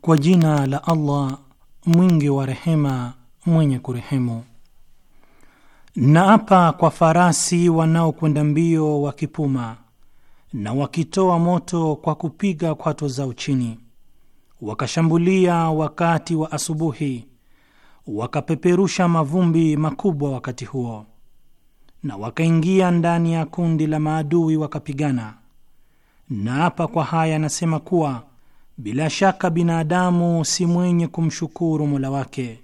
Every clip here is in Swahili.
Kwa jina la Allah mwingi wa rehema mwenye kurehemu. Naapa kwa farasi wanaokwenda mbio wakipuma na wakitoa moto kwa kupiga kwato zao chini, wakashambulia wakati wa asubuhi, wakapeperusha mavumbi makubwa wakati huo, na wakaingia ndani ya kundi la maadui wakapigana. Naapa kwa haya anasema kuwa bila shaka binadamu si mwenye kumshukuru Mola wake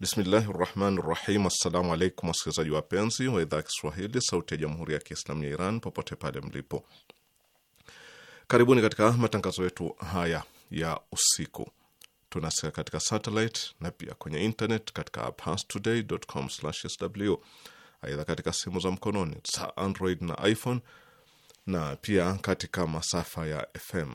Bismillahi rahmani rahim. Assalamu alaikum wasikilizaji wapenzi wa idhaa ya Kiswahili sauti ya jamhuri ya Kiislamu ya Iran popote pale mlipo, karibuni katika matangazo yetu haya ya usiku. tunasika katika satellite na pia kwenye internet katika parstoday.com/sw. Aidha, katika simu za mkononi za Android na iPhone na pia katika masafa ya FM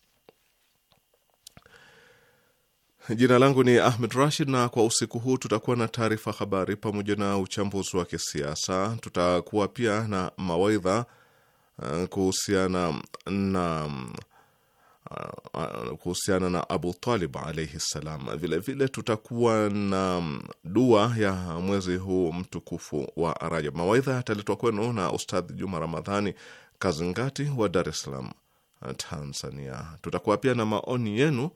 Jina langu ni Ahmed Rashid, na kwa usiku huu tutakuwa na taarifa habari pamoja na uchambuzi wa kisiasa. Tutakuwa pia na mawaidha uh, kuhusiana na uh, uh, kuhusiana na Abu Talib alaihi ssalam. Vilevile tutakuwa na um, dua ya mwezi huu mtukufu wa Rajab. Mawaidha yataletwa kwenu na ustadhi Juma Ramadhani Kazingati wa Dar es Salaam, Tanzania. Tutakuwa pia na maoni yenu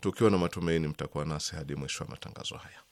tukiwa na matumaini mtakuwa nasi hadi mwisho wa matangazo haya.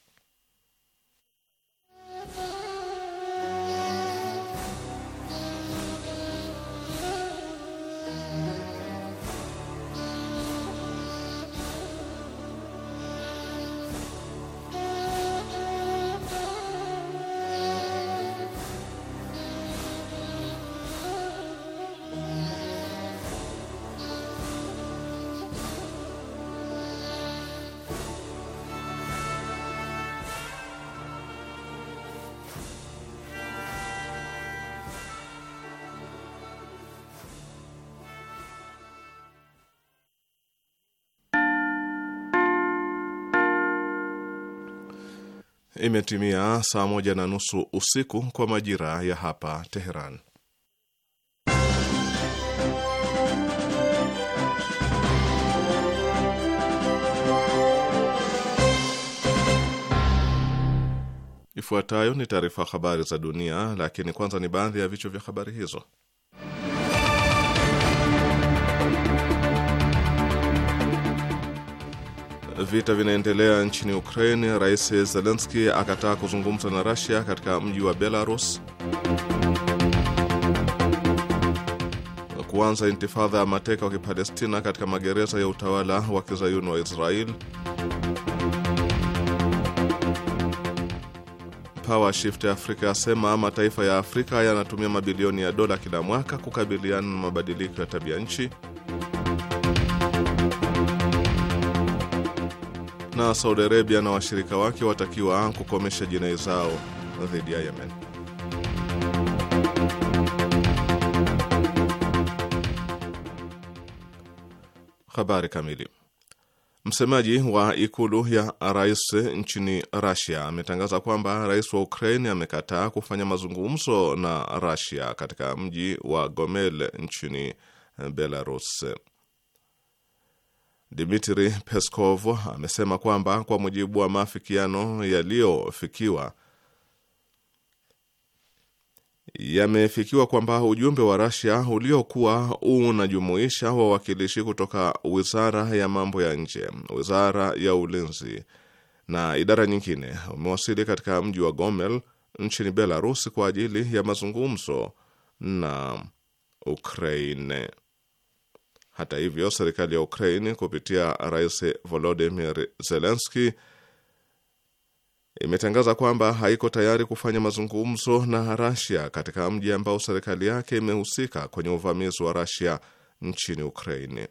imetimia saa moja na nusu usiku kwa majira ya hapa Teheran. Ifuatayo ni taarifa habari za dunia, lakini kwanza ni baadhi ya vichwa vya habari hizo. vita vinaendelea nchini Ukraine, Rais Zelenski akataa kuzungumza na Russia katika mji wa Belarus. Kuanza intifadha ya mateka wa Kipalestina katika magereza ya utawala wa kizayuni wa Israel. Power Shift Afrika asema mataifa ya Afrika yanatumia mabilioni ya dola kila mwaka kukabiliana na mabadiliko ya tabia nchi. na Saudi Arabia na washirika wake watakiwa kukomesha jinai zao dhidi ya Yemen. Habari kamili. Msemaji wa ikulu ya rais nchini rusia ametangaza kwamba rais wa Ukraine amekataa kufanya mazungumzo na rusia katika mji wa Gomel nchini Belarus. Dmitri Peskov amesema kwamba kwa mujibu wa maafikiano yaliyofikiwa yamefikiwa kwamba ujumbe wa Rasia uliokuwa unajumuisha wawakilishi kutoka wizara ya mambo ya nje, wizara ya ulinzi na idara nyingine umewasili katika mji wa Gomel nchini Belarus kwa ajili ya mazungumzo na Ukraine. Hata hivyo, serikali ya Ukraini kupitia Rais Volodimir Zelenski imetangaza kwamba haiko tayari kufanya mazungumzo na Rasia katika mji ambao serikali yake imehusika kwenye uvamizi wa Rasia nchini Ukraini.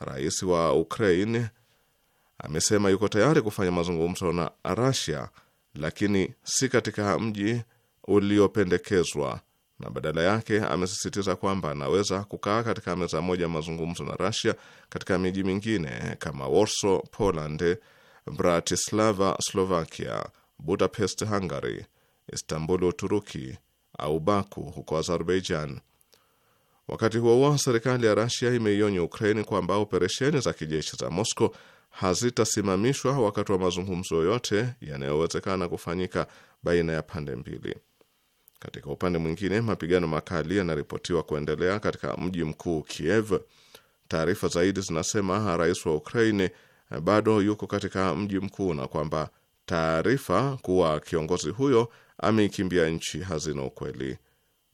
Rais wa Ukraini amesema yuko tayari kufanya mazungumzo na Rasia, lakini si katika mji uliopendekezwa na badala yake amesisitiza kwamba anaweza kukaa katika meza moja mazungumzo na Russia katika miji mingine kama Warsaw, Poland, Bratislava, Slovakia, Budapest, Hungary, Istanbul, Uturuki au Baku huko Azerbaijan. Wakati huo huo, serikali ya Russia imeionya Ukraine kwamba operesheni za kijeshi za Moscow hazitasimamishwa wakati wa mazungumzo yote yanayowezekana kufanyika baina ya pande mbili. Katika upande mwingine, mapigano makali yanaripotiwa kuendelea katika mji mkuu Kiev. Taarifa zaidi zinasema rais wa Ukraini bado yuko katika mji mkuu na kwamba taarifa kuwa kiongozi huyo ameikimbia nchi hazina ukweli.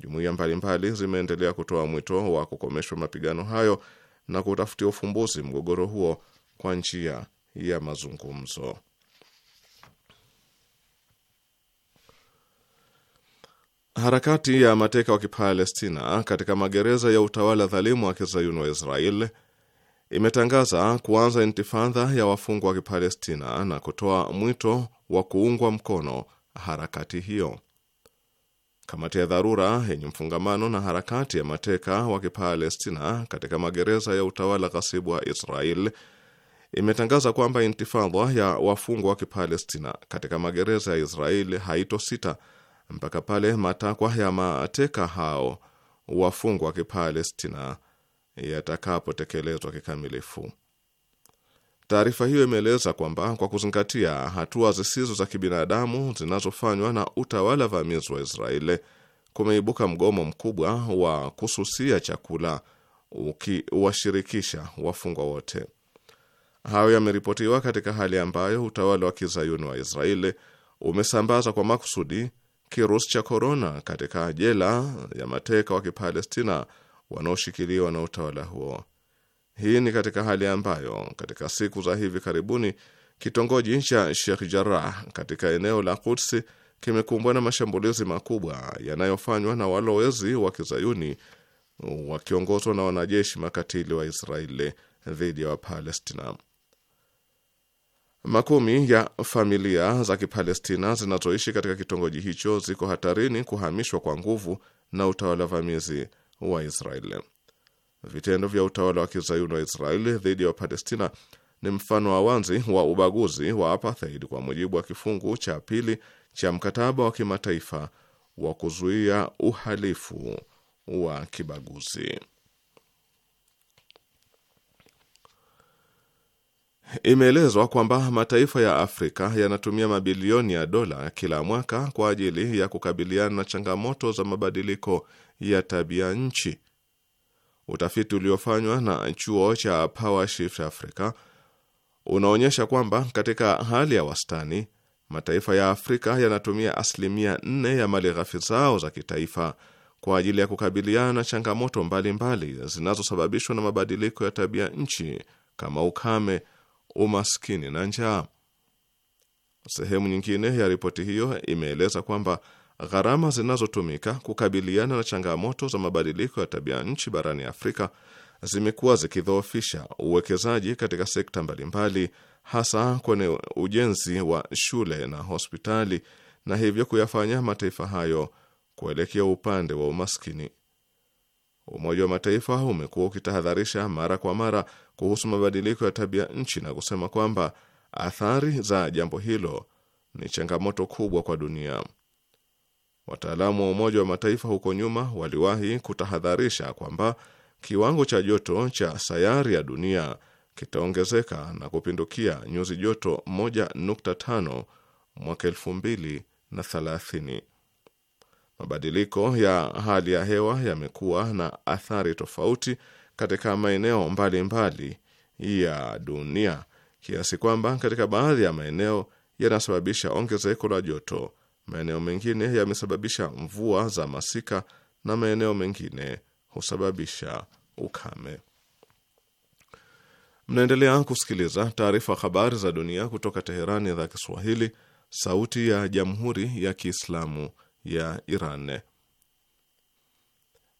Jumuiya mbalimbali zimeendelea kutoa mwito wa kukomeshwa mapigano hayo na kutafutia ufumbuzi mgogoro huo kwa njia ya mazungumzo. Harakati ya mateka wa Kipalestina katika magereza ya utawala dhalimu wa kizayuni wa Israel imetangaza kuanza intifadha ya wafungwa wa Kipalestina na kutoa mwito wa kuungwa mkono harakati hiyo. Kamati ya dharura yenye mfungamano na harakati ya mateka wa Kipalestina katika magereza ya utawala ghasibu wa Israel imetangaza kwamba intifadha ya wafungwa wa Kipalestina katika magereza ya Israel haitosita mpaka pale matakwa ya mateka hao wafungwa wa Kipalestina yatakapotekelezwa kikamilifu. Taarifa hiyo imeeleza kwamba kwa kuzingatia hatua zisizo za kibinadamu zinazofanywa na utawala vamizi wa Israeli, kumeibuka mgomo mkubwa wa kususia chakula ukiwashirikisha wafungwa wote. Hayo yameripotiwa katika hali ambayo utawala wa kizayuni wa Israeli umesambaza kwa makusudi kirusi cha korona katika jela ya mateka wa Kipalestina wanaoshikiliwa na utawala huo. Hii ni katika hali ambayo katika siku za hivi karibuni kitongoji cha Sheikh Jarrah katika eneo la kutsi kimekumbwa na mashambulizi makubwa yanayofanywa na walowezi wa kizayuni wakiongozwa na wanajeshi makatili wa Israeli dhidi ya Wapalestina. Makumi ya familia za Kipalestina zinazoishi katika kitongoji hicho ziko hatarini kuhamishwa kwa nguvu na utawala vamizi wa Israeli. Vitendo vya utawala wa kizayuni wa Israeli dhidi ya Wapalestina ni mfano wa wazi wa ubaguzi wa apartheid kwa mujibu wa kifungu cha pili cha mkataba wa kimataifa wa kuzuia uhalifu wa kibaguzi. Imeelezwa kwamba mataifa ya Afrika yanatumia mabilioni ya dola kila mwaka kwa ajili ya kukabiliana na changamoto za mabadiliko ya tabia nchi. Utafiti uliofanywa na chuo cha Africa unaonyesha kwamba katika hali ya wastani mataifa ya Afrika yanatumia asilimia nne ya mali ghafi zao za kitaifa kwa ajili ya kukabiliana na changamoto mbalimbali zinazosababishwa na mabadiliko ya tabia nchi kama ukame umaskini na njaa. Sehemu nyingine ya ripoti hiyo imeeleza kwamba gharama zinazotumika kukabiliana na changamoto za mabadiliko ya tabia nchi barani Afrika zimekuwa zikidhoofisha uwekezaji katika sekta mbalimbali, hasa kwenye ujenzi wa shule na hospitali, na hivyo kuyafanya mataifa hayo kuelekea upande wa umaskini. Umoja wa Mataifa umekuwa ukitahadharisha mara kwa mara kuhusu mabadiliko ya tabia nchi na kusema kwamba athari za jambo hilo ni changamoto kubwa kwa dunia. Wataalamu wa Umoja wa Mataifa huko nyuma waliwahi kutahadharisha kwamba kiwango cha joto cha sayari ya dunia kitaongezeka na kupindukia nyuzi joto 1.5 mwaka 2030. Mabadiliko ya hali ya hewa yamekuwa na athari tofauti katika maeneo mbalimbali ya dunia kiasi kwamba katika baadhi ya maeneo yanasababisha ongezeko la joto, maeneo mengine yamesababisha mvua za masika na maeneo mengine husababisha ukame. Mnaendelea kusikiliza taarifa habari za dunia kutoka Teherani za Kiswahili, sauti ya jamhuri ya Kiislamu ya Iran.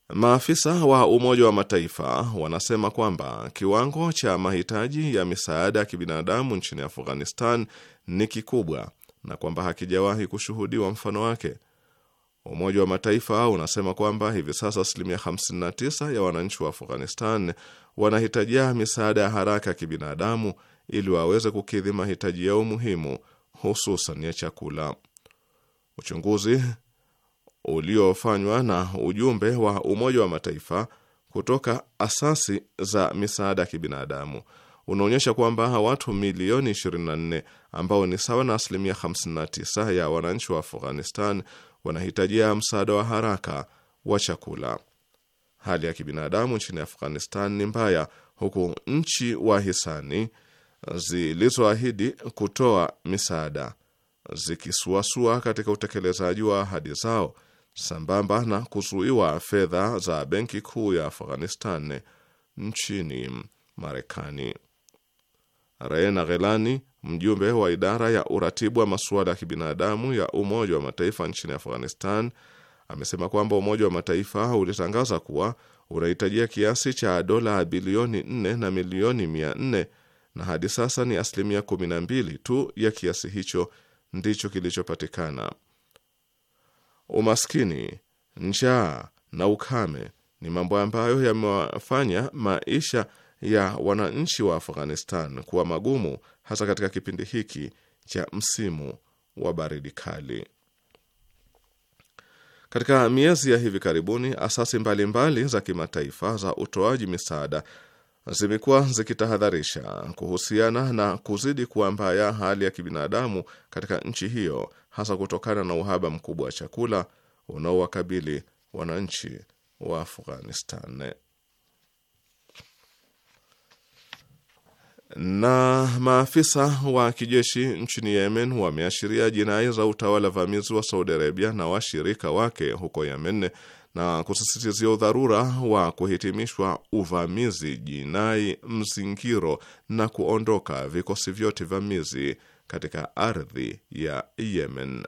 Maafisa wa Umoja wa Mataifa wanasema kwamba kiwango cha mahitaji ya misaada ya kibinadamu nchini Afghanistan ni kikubwa na kwamba hakijawahi kushuhudiwa mfano wake. Umoja wa Mataifa unasema kwamba hivi sasa asilimia 59 ya wananchi wa Afghanistan wanahitajia misaada ya haraka ya kibinadamu ili waweze kukidhi mahitaji yao muhimu, hususan ya chakula. Uchunguzi uliofanywa na ujumbe wa Umoja wa Mataifa kutoka asasi za misaada ya kibinadamu unaonyesha kwamba watu milioni 24 ambao ni sawa na asilimia 59 ya wananchi wa Afghanistan wanahitajia msaada wa haraka wa chakula. Hali ya kibinadamu nchini Afghanistan ni mbaya, huku nchi wa hisani zilizoahidi kutoa misaada zikisuasua katika utekelezaji wa ahadi zao sambamba na kuzuiwa fedha za benki kuu ya Afghanistan nchini Marekani. Raena Ghelani, mjumbe wa idara ya uratibu wa masuala ya kibinadamu ya Umoja wa Mataifa nchini Afghanistan, amesema kwamba Umoja wa Mataifa ulitangaza kuwa unahitajia kiasi cha dola bilioni 4 na milioni 400 na hadi sasa ni asilimia 12 tu ya kiasi hicho ndicho kilichopatikana umaskini, njaa na ukame ni mambo ambayo yamewafanya maisha ya wananchi wa Afghanistan kuwa magumu hasa katika kipindi hiki cha msimu wa baridi kali. Katika miezi ya hivi karibuni, asasi mbalimbali mbali za kimataifa za utoaji misaada zimekuwa zikitahadharisha kuhusiana na kuzidi kuwa mbaya hali ya kibinadamu katika nchi hiyo hasa kutokana na uhaba mkubwa wa chakula unaowakabili wananchi wa Afghanistan. Na maafisa wa kijeshi nchini Yemen wameashiria jinai za utawala vamizi wa Saudi Arabia na washirika wake huko Yemen na kusisitizia udharura wa kuhitimishwa uvamizi, jinai, mzingiro na kuondoka vikosi vyote vamizi katika ardhi ya Yemen.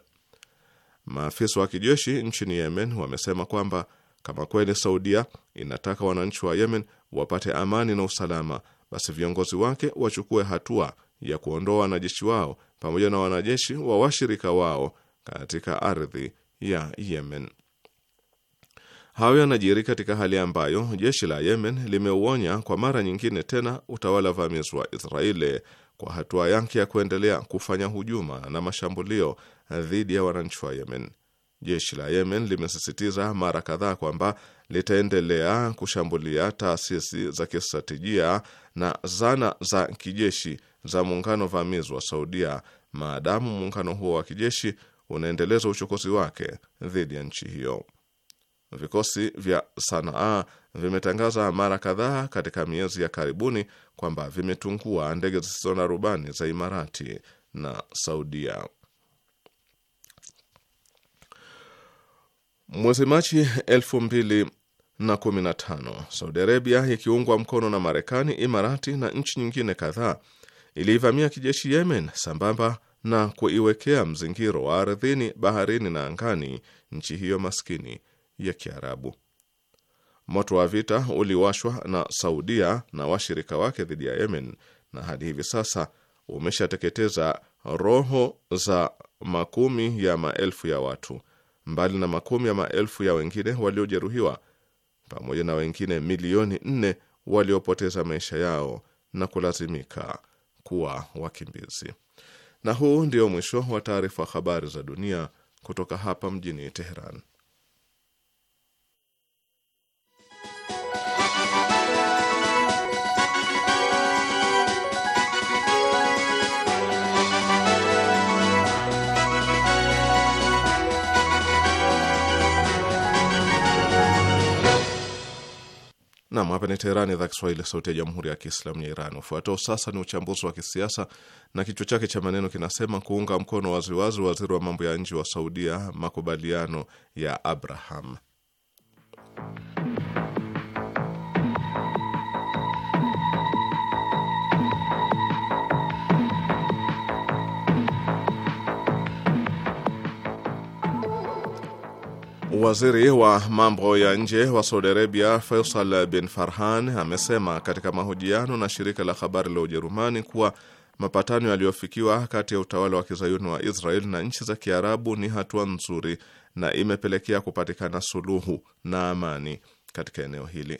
Maafisa wa kijeshi nchini Yemen wamesema kwamba kama kweli Saudia inataka wananchi wa Yemen wapate amani na usalama, basi viongozi wake wachukue hatua ya kuondoa wanajeshi wao pamoja na wanajeshi wa washirika wao katika ardhi ya Yemen. Hayo yanajiri katika hali ambayo jeshi la Yemen limeuonya kwa mara nyingine tena utawala vamizi wa Israeli kwa hatua yake ya kuendelea kufanya hujuma na mashambulio dhidi ya wananchi wa Yemen. Jeshi la Yemen limesisitiza mara kadhaa kwamba litaendelea kushambulia taasisi za kistratejia na zana za kijeshi za muungano vamizi wa Saudia maadamu muungano huo wa kijeshi unaendeleza uchokozi wake dhidi ya nchi hiyo. Vikosi vya Sanaa vimetangaza mara kadhaa katika miezi ya karibuni kwamba vimetungua ndege zisizo na rubani za Imarati na Saudia. Mwezi Machi 215 Saudi Arabia ikiungwa mkono na Marekani, Imarati na nchi nyingine kadhaa iliivamia kijeshi Yemen sambamba na kuiwekea mzingiro wa ardhini, baharini na angani nchi hiyo maskini ya Kiarabu. Moto wa vita uliwashwa na Saudia na washirika wake dhidi ya Yemen na hadi hivi sasa umeshateketeza roho za makumi ya maelfu ya watu, mbali na makumi ya maelfu ya wengine waliojeruhiwa, pamoja na wengine milioni nne waliopoteza maisha yao na kulazimika kuwa wakimbizi. Na huu ndio mwisho wa taarifa habari za dunia kutoka hapa mjini Teheran. Nam, hapa ni Teherani, idhaa Kiswahili, sauti ya jamhuri ya kiislamu ya Iran. Ufuatao sasa ni uchambuzi wa kisiasa na kichwa chake cha maneno kinasema kuunga mkono waziwazi waziri wa mambo ya nje wa Saudia makubaliano ya Abraham. Waziri wa mambo ya nje wa Saudi Arabia Faisal bin Farhan amesema katika mahojiano na shirika la habari la Ujerumani kuwa mapatano yaliyofikiwa kati ya utawala wa kizayuni wa Israel na nchi za Kiarabu ni hatua nzuri na imepelekea kupatikana suluhu na amani katika eneo hili.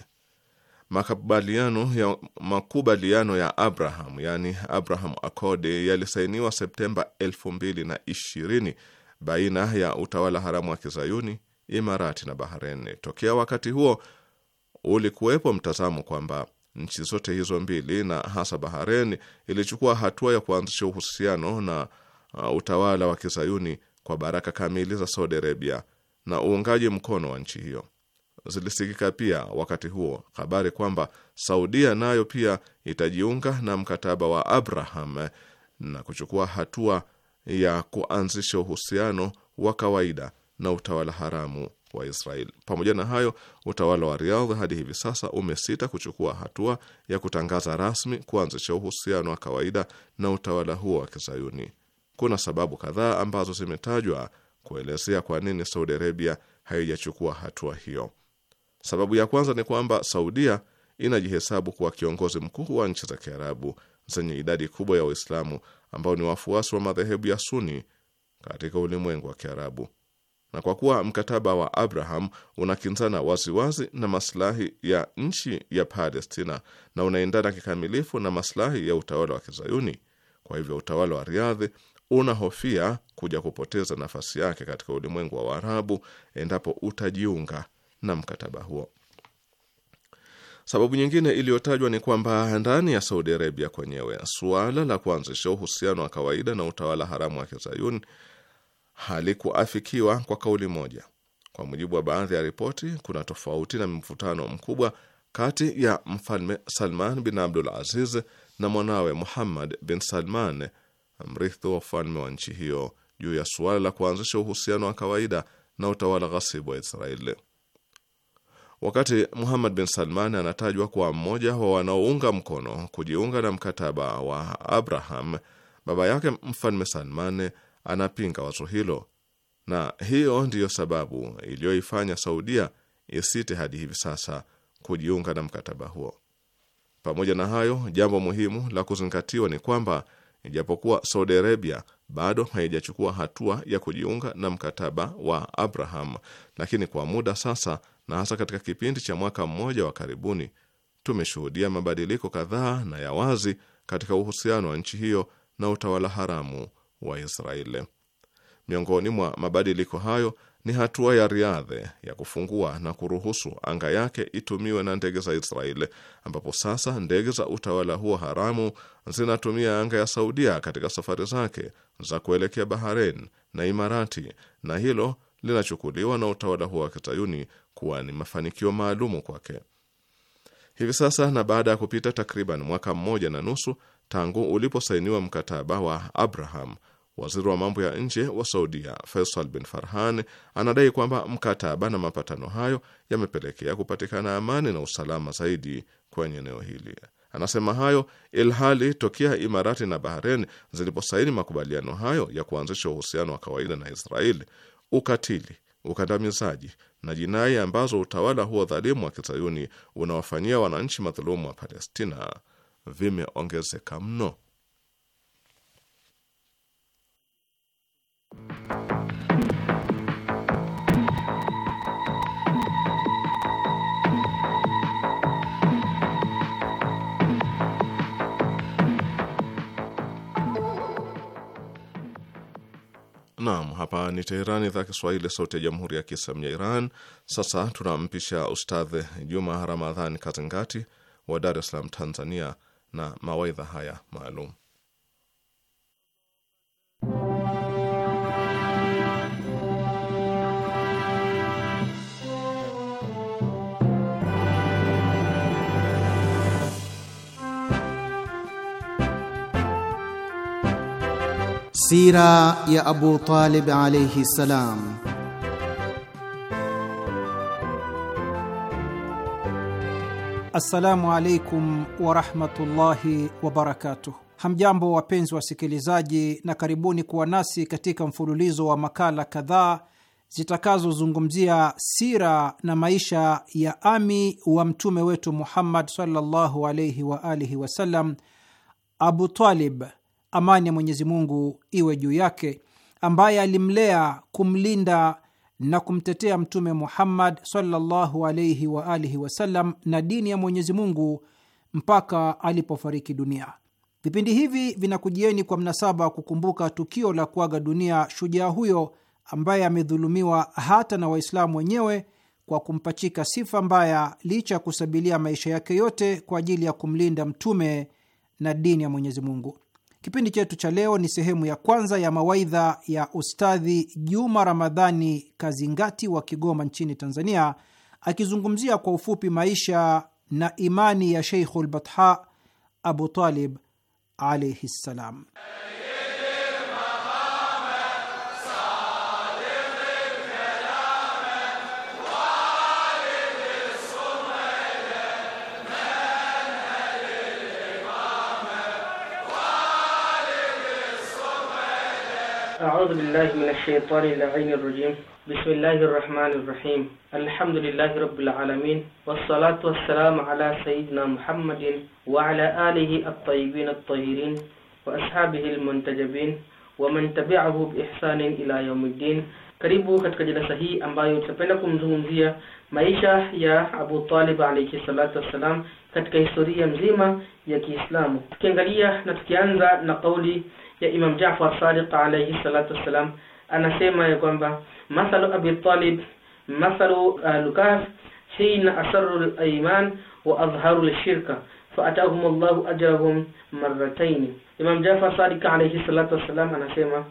Makubaliano ya, makubaliano ya Abraham yani Abraham Accord yalisainiwa Septemba 2020 baina ya utawala haramu wa kizayuni Imarati na Bahrain. Tokea wakati huo ulikuwepo mtazamo kwamba nchi zote hizo mbili na hasa Bahrain ilichukua hatua ya kuanzisha uhusiano na uh, utawala wa kizayuni kwa baraka kamili za Saudi Arabia na uungaji mkono wa nchi hiyo. Zilisikika pia wakati huo habari kwamba Saudia nayo pia itajiunga na mkataba wa Abraham na kuchukua hatua ya kuanzisha uhusiano wa kawaida na utawala haramu wa Israel. Pamoja na hayo, utawala wa Riyadh hadi hivi sasa umesita kuchukua hatua ya kutangaza rasmi kuanzisha uhusiano wa kawaida na utawala huo wa Kizayuni. Kuna sababu kadhaa ambazo zimetajwa kuelezea kwa nini Saudi Arabia haijachukua hatua hiyo. Sababu ya kwanza ni kwamba Saudia inajihesabu kuwa kiongozi mkuu wa nchi za Kiarabu zenye idadi kubwa ya Waislamu ambao ni wafuasi wa madhehebu ya Suni katika ulimwengu wa Kiarabu na kwa kuwa mkataba wa Abraham unakinzana waziwazi na maslahi ya nchi ya Palestina na unaendana kikamilifu na maslahi ya utawala wa Kizayuni, kwa hivyo utawala wa riadhi unahofia kuja kupoteza nafasi yake katika ulimwengu wa Waarabu endapo utajiunga na mkataba huo. Sababu nyingine iliyotajwa ni kwamba ndani ya Saudi Arabia kwenyewe suala la kuanzisha uhusiano wa kawaida na utawala haramu wa Kizayuni halikuafikiwa kwa kauli moja. Kwa mujibu wa baadhi ya ripoti, kuna tofauti na mvutano mkubwa kati ya mfalme Salman bin Abdul Aziz na mwanawe Muhammad bin Salman, mrithi wa ufalme wa nchi hiyo, juu ya suala la kuanzisha uhusiano wa kawaida na utawala ghasibu wa Israeli. Wakati Muhammad bin Salman anatajwa kuwa mmoja wa wanaounga mkono kujiunga na mkataba wa Abraham, baba yake Mfalme Salman anapinga wazo hilo, na hiyo ndiyo sababu iliyoifanya Saudia isite hadi hivi sasa kujiunga na mkataba huo. Pamoja na hayo, jambo muhimu la kuzingatiwa ni kwamba ijapokuwa Saudi Arabia bado haijachukua hatua ya kujiunga na mkataba wa Abraham, lakini kwa muda sasa, na hasa katika kipindi cha mwaka mmoja wa karibuni, tumeshuhudia mabadiliko kadhaa na ya wazi katika uhusiano wa nchi hiyo na utawala haramu wa Israeli. Miongoni mwa mabadiliko hayo ni hatua ya riadhe ya kufungua na kuruhusu anga yake itumiwe na ndege za Israeli, ambapo sasa ndege za utawala huo haramu zinatumia anga ya Saudia katika safari zake za kuelekea Bahrain na Imarati, na hilo linachukuliwa na utawala huo wa kizayuni kuwa ni mafanikio maalumu kwake. Hivi sasa na baada ya kupita takriban mwaka mmoja na nusu tangu uliposainiwa mkataba wa Abraham. Waziri wa mambo ya nje wa Saudia Faisal bin Farhan anadai kwamba mkataba na mapatano hayo yamepelekea kupatikana amani na usalama zaidi kwenye eneo hili. Anasema hayo ilhali tokia Imarati na Bahrain ziliposaini makubaliano hayo ya kuanzisha uhusiano wa kawaida na Israeli, ukatili, ukandamizaji na jinai ambazo utawala huo dhalimu wa kizayuni unawafanyia wananchi madhulumu wa Palestina vimeongezeka mno. Naam, hapa ni Teherani, idhaa Kiswahili, sauti ya jamhuri ya kiislamu ya Iran. Sasa tunampisha ustadhe Juma Ramadhani Kazingati wa Dar es Salaam, Tanzania, na mawaidha haya maalum. Sira ya Abu Talib alayhi salam Assalamu alaikum warahmatullahi wabarakatuh. Hamjambo wapenzi wasikilizaji, na karibuni kuwa nasi katika mfululizo wa makala kadhaa zitakazozungumzia sira na maisha ya ami wa mtume wetu Muhammad sallallahu alaihi alihi wasallam, Abu Talib, amani ya Mwenyezi Mungu iwe juu yake, ambaye alimlea, kumlinda na kumtetea Mtume Muhammad sallallahu alaihi wa alihi wasallam na dini ya Mwenyezi Mungu mpaka alipofariki dunia. Vipindi hivi vinakujieni kwa mnasaba wa kukumbuka tukio la kuaga dunia shujaa huyo ambaye amedhulumiwa hata na Waislamu wenyewe kwa kumpachika sifa mbaya licha ya kusabilia maisha yake yote kwa ajili ya kumlinda mtume na dini ya Mwenyezi Mungu. Kipindi chetu cha leo ni sehemu ya kwanza ya mawaidha ya Ustadhi Juma Ramadhani Kazingati wa Kigoma nchini Tanzania, akizungumzia kwa ufupi maisha na imani ya Sheikhul Batha Abu Talib alaihi ssalam. أعوذ بالله من الشيطان اللعين الرجيم بسم الله الرحمن الرحيم الحمد لله رب العالمين والصلاة والسلام على سيدنا محمد وعلى آله الطيبين الطاهرين وأصحابه المنتجبين ومن تبعه بإحسان إلى يوم الدين karibu katika jalsa hii ambayo tutapenda kumzungumzia maisha ya abu talib alayhi salatu wassalam katika historia mzima ya kiislamu tukiangalia na tukianza na kauli ya Imam Jafar Sadiq alayhi salatu wassalam anasema ya kwamba mathalu Abi Talib mathalu uh, Lukas hina asarru al-iman wa azharu al-shirka fa atahum Allahu ajrahum marratayn. Imam Jafar Sadiq alayhi salatu wassalam anasema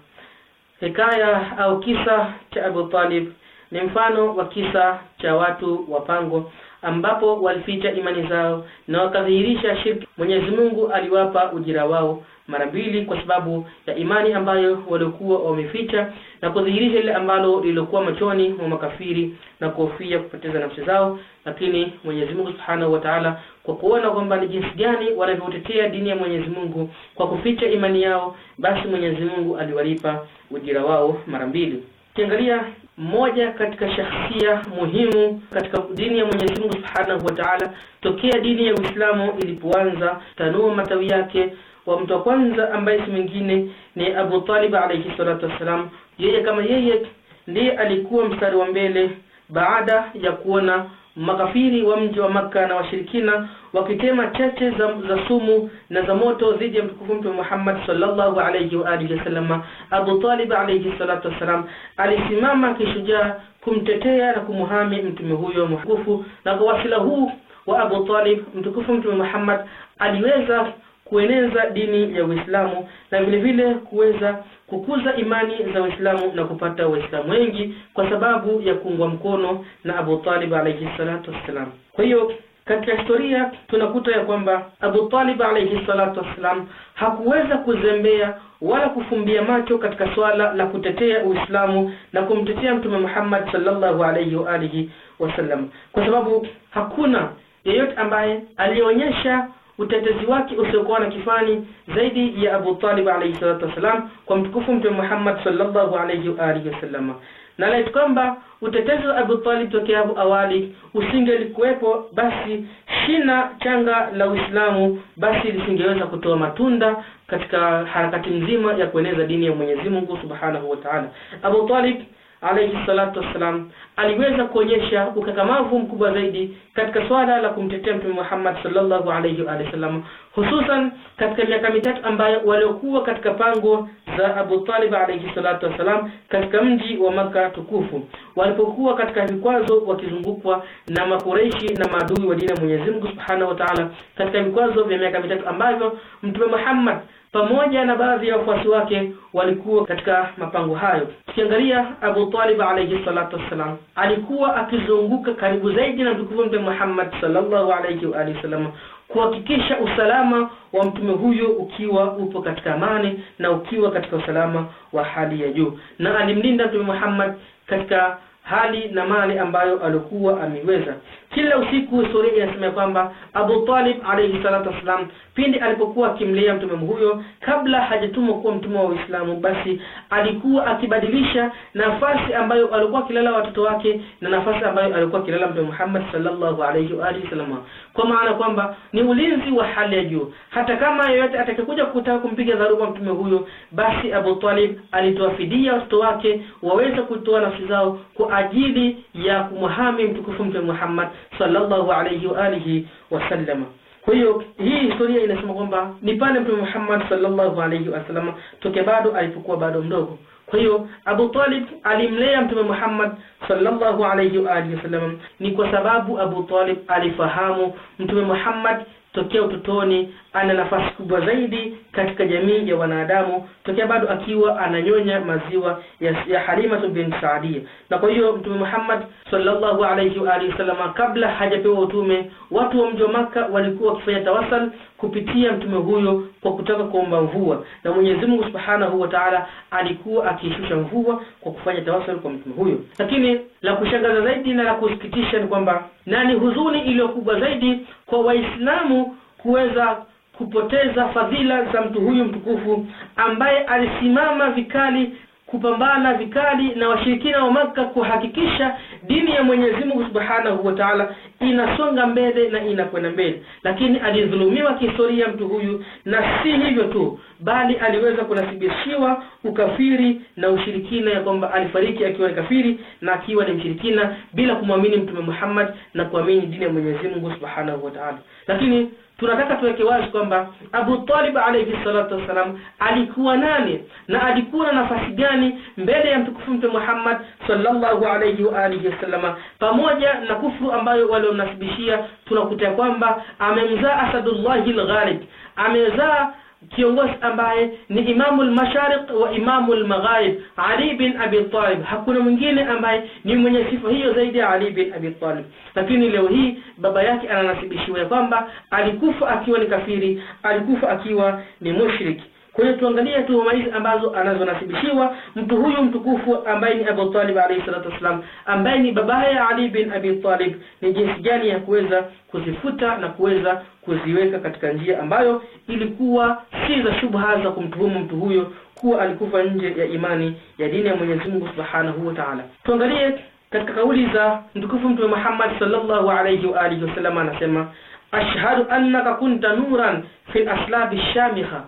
hikaya au kisa cha Abu Talib ni mfano wa kisa cha watu wa pango ambapo walificha imani zao na wakadhihirisha shirki. Mwenyezi Mungu aliwapa ujira wao mara mbili kwa sababu ya imani ambayo waliokuwa wameficha na kudhihirisha lile ambalo lilikuwa machoni mwa makafiri na kuhofia kupoteza nafsi zao. Lakini Mwenyezi Mungu Subhanahu wa Ta'ala, kwa kuona kwamba ni jinsi gani wanavyotetea dini ya Mwenyezi Mungu kwa kuficha imani yao, basi Mwenyezi Mungu aliwalipa ujira wao mara mbili. Ukiangalia mmoja katika shahsia muhimu katika dini ya Mwenyezi Mungu Subhanahu wa Ta'ala, tokea dini ya Uislamu ilipoanza tanua matawi yake wa mtu wa kwanza ambaye si mwingine ni Abu Talib alayhi salatu wasalam. Yeye kama yeye ndiye alikuwa mstari wa mbele baada ya kuona makafiri wa mji wa Makka na washirikina wakitema cheche za, za sumu na za moto dhidi ya mtukufu Mtume Muhammad sallallahu alayhi wa alihi wasallam. Abu Talib alayhi salatu wasalam alisimama kishujaa kumtetea na kumuhami mtume huyo mtukufu, na kwa wasila huu wa Abu Talib mtukufu Mtume Muhammad aliweza kueneza dini ya Uislamu na vile vile kuweza kukuza imani za Uislamu na kupata Waislamu wengi kwa sababu ya kuungwa mkono na Abu Talib alayhi salatu wassalam. Kwa hiyo katika historia tunakuta ya kwamba Abu Talib alayhi salatu wassalam hakuweza kuzembea wala kufumbia macho katika swala la kutetea Uislamu na kumtetea Mtume Muhammad sallallahu alayhi wa alihi wasallam, kwa sababu hakuna yeyote ambaye alionyesha utetezi wake usiokuwa na kifani zaidi ya Abu Talib alayhi salatu wasalam kwa mtukufu Mtume Muhammad sallallahu alayhi wa alihi wasallam na laiti kwamba utetezi wa Abu Talib tokea hapo awali usingelikuwepo, basi shina changa la Uislamu basi lisingeweza kutoa matunda katika harakati nzima ya kueneza dini ya Mwenyezi Mungu Subhanahu wa Ta'ala. Abu Talib alayhi salatu wassalam aliweza kuonyesha ukakamavu mkubwa zaidi katika swala la kumtetea mtume Muhammad sallallahu alayhi wa sallam, hususan katika miaka mitatu ambayo waliokuwa katika pango za Abu Talib alayhi salatu wassalam katika mji wa Maka tukufu, walipokuwa katika vikwazo wakizungukwa na makureishi na maadui wa dini ya Mwenyezi Mungu subhanahu wa taala, katika vikwazo vya miaka mitatu ambavyo mtume Muhammad pamoja na baadhi ya wafuasi wake walikuwa katika mapango hayo. Tukiangalia, Abu Talib alayhi salatu wassalam alikuwa akizunguka karibu zaidi na mtukufu Mtume Muhammad sallallahu alayhi wa alihi wasallam kuhakikisha usalama wa mtume huyo ukiwa upo katika amani na ukiwa katika usalama wa hali ya juu, na alimlinda Mtume Muhammad katika hali na mali ambayo alikuwa ameweza. Kila usiku historia inasema kwamba Abu Talib alayhi salatu wasalam pindi alipokuwa akimlea mtume huyo kabla hajatumwa kuwa mtume wa Uislamu, basi alikuwa akibadilisha nafasi ambayo alikuwa akilala watoto wake na nafasi ambayo alikuwa akilala mtume Muhammad sallallahu alayhi wa alihi wasallam, kwa maana kwamba ni ulinzi wa hali ya juu. Hata kama yeyote atakayekuja kutaka kumpiga dharuba mtume huyo, basi Abu Talib alitoa fidia watoto wake waweze kutoa nafsi zao kwa ajili ya kumhami mtukufu mtume Muhammad sallallahu alayhi wa alihi wasallam. Kwa hiyo hii historia inasema kwamba ni pale Mtume Muhammad sallallahu alayhi wasallam toke bado alipokuwa bado mdogo. Kwa hiyo Abu Talib alimlea Mtume Muhammad sallallahu alayhi wa alihi wasallam, ni kwa sababu Abu Talib alifahamu Mtume Muhammad tokea utotoni ana nafasi kubwa zaidi katika jamii ya wanadamu tokea bado akiwa ananyonya maziwa ya, ya Halimatu bin Saadia. Na kwa hiyo Mtume Muhammad sallallahu alayhi wa alihi wasallam, kabla hajapewa utume, watu wa mji wa Maka walikuwa wakifanya tawassul kupitia mtume huyo kwa kutaka kuomba mvua, na Mwenyezi Mungu Subhanahu wa Ta'ala alikuwa akishusha mvua kwa kufanya tawassul kwa mtume huyo. Lakini la kushangaza zaidi na la kusikitisha ni kwamba, na ni huzuni iliyokubwa zaidi kwa Waislamu kuweza kupoteza fadhila za mtu huyu mtukufu ambaye alisimama vikali kupambana vikali na washirikina wa Makka kuhakikisha dini ya Mwenyezi Mungu Subhanahu wa Ta'ala inasonga mbele na inakwenda mbele, lakini alidhulumiwa kihistoria mtu huyu, na si hivyo tu, bali aliweza kunasibishiwa ukafiri na ushirikina, ya kwamba alifariki akiwa ni kafiri na akiwa ni mshirikina bila kumwamini Mtume Muhammad na kuamini dini ya Mwenyezi Mungu Subhanahu wa Ta'ala. Lakini tunataka tuweke wazi kwamba Abu Talib alayhi salatu wasalam alikuwa nani na alikuwa na nafasi gani mbele ya mtukufu Mtume Muhammad sallallahu alayhi wa alihi wasallama, pamoja na kufuru ambayo wanasibishia, tunakuta kwamba amemzaa Asadullahi ghalib amezaa kiongozi ambaye ni imamu al-mashariq wa imamu al Ali bin Abi Talib. Hakuna mwingine ambaye ni mwenye sifa hiyo zaidi ya Ali bin Abi Talib, lakini leo hii baba yake ananasibishiwa ya kwamba alikufa akiwa ni kafiri, alikufa akiwa ni mushriki. Kwa hiyo tuangalie tuhuma hizi ambazo anazonasibishiwa mtu huyu mtukufu ambaye ni Abu Talib alayhi salatu wassalam, ambaye ni babaya Ali bin Abi Talib, ni jinsi gani ya kuweza kuzifuta na kuweza kuziweka katika njia ambayo ilikuwa si za shubha za kumtuhumu mtu huyo kuwa alikufa nje ya imani ya dini ya Mwenyezi Mungu Subhanahu wa Ta'ala. Tuangalie katika kauli za mtukufu Mtume Muhammad sallallahu alayhi wa alihi wasallam, anasema ashhadu annaka kunta nuran fil aslabi shamikha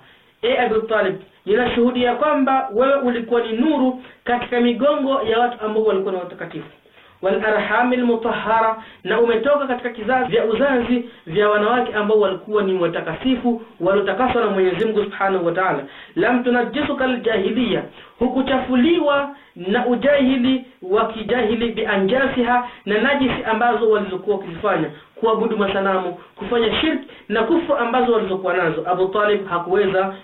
e Abu Talib ninashuhudia kwamba wewe ulikuwa ni nuru katika migongo ya watu ambao walikuwa na watakatifu arhamil lmutahara na umetoka katika kizazi vya uzazi vya wanawake ambao walikuwa ni watakatifu waliotakaswa na Mwenyezi Mungu Subhanahu wa Ta'ala lam tunajisuka aljahiliya hukuchafuliwa na ujahili wa kijahili bianjasiha na najisi ambazo walizokuwa wakizifanya kuabudu masanamu kufanya shirki na kufu ambazo walizokuwa nazo Abu Talib hakuweza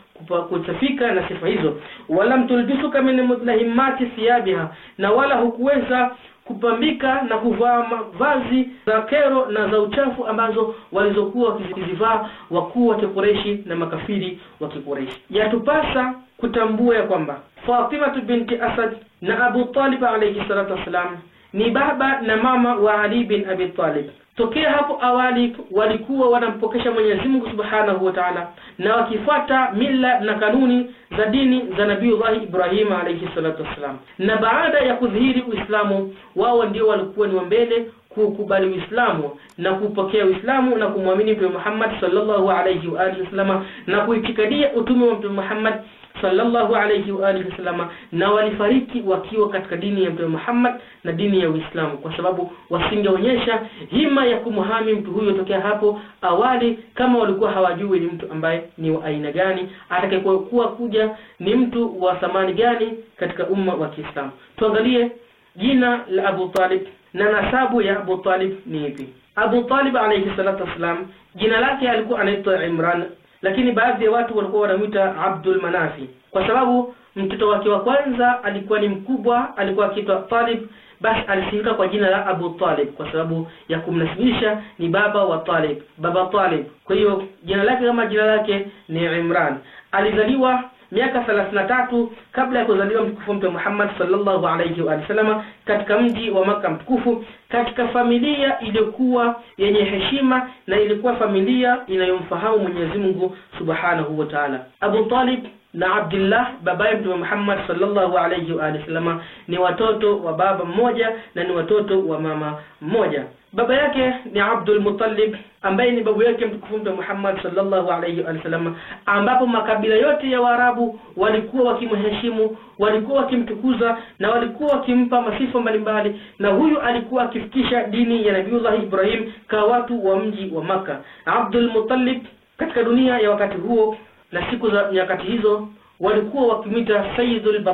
kutafika na sifa hizo. Walam tulbisuka min mudlahimati siyabiha, na wala hukuweza kupambika na kuvaa mavazi za kero na za uchafu ambazo walizokuwa wakizivaa wakuu wa Kikureishi na makafiri wa kikureshi Yatupasa kutambua ya kwamba Fatimatu binti Asad na Abu Talib alayhi salatu wassalam ni baba na mama wa Ali bin Abi Talib. Tokea hapo awali walikuwa wanampokesha Mwenyezi Mungu Subhanahu wa Ta'ala na wakifuata mila na kanuni za dini za Allah Ibrahim alayhi salatu wasalam. na baada ya kudhihiri Uislamu wao ndio walikuwa ni wa mbele kukubali Uislamu na kupokea Uislamu na kumwamini Mtume Muhammad sallallahu alayhi wa alihi wasallam na kuitikadia utume wa Mtume Muhammad sallallahu alayhi wa alihi wasallam na walifariki wakiwa katika dini ya Mtume Muhammad na dini ya Uislamu, kwa sababu wasingeonyesha hima ya kumhami mtu huyo tokea hapo awali, kama walikuwa hawajui ni mtu ambaye ni wa aina gani, atakayekuwa kuja ni mtu wa thamani gani katika umma wa Kiislamu. Tuangalie jina la Abu Talib na nasabu ya Abu Talib ni ipi? Abu Talib alayhi salatu wassalam, jina lake alikuwa anaitwa Imran lakini baadhi ya watu walikuwa wanamwita Abdul Manafi kwa sababu mtoto wake wa kwanza alikuwa ni mkubwa, alikuwa akiitwa Talib, basi alisimika kwa jina la Abu Talib kwa sababu ya kumnasibisha ni baba wa Talib, baba Talib. Kwa hiyo jina lake kama jina lake ni Imran. Alizaliwa miaka 33 kabla ya kuzaliwa mtukufu Mtume Muhammad sallallahu alayhi wa sallama katika mji wa Maka mtukufu katika familia iliyokuwa yenye heshima na ilikuwa familia inayomfahamu Mwenyezi Mungu Subhanahu wa Ta'ala. Abu Talib na Abdullah babaye Mtume Muhammad sallallahu alayhi wa sallama ni watoto wa baba mmoja na ni watoto wa mama mmoja. Baba yake ni Abdul Muttalib ambaye ni babu yake mtukufu Muhammad sallallahu alayhi wa sallam, ambapo makabila yote ya Waarabu walikuwa wakimheshimu, walikuwa wakimtukuza na walikuwa wakimpa masifa mbalimbali, na huyu alikuwa akifikisha dini ya nabiullahi Ibrahim kwa watu wa mji wa Maka. Abdul Muttalib katika dunia ya wakati huo na siku za nyakati hizo walikuwa wakimwita Sayyidul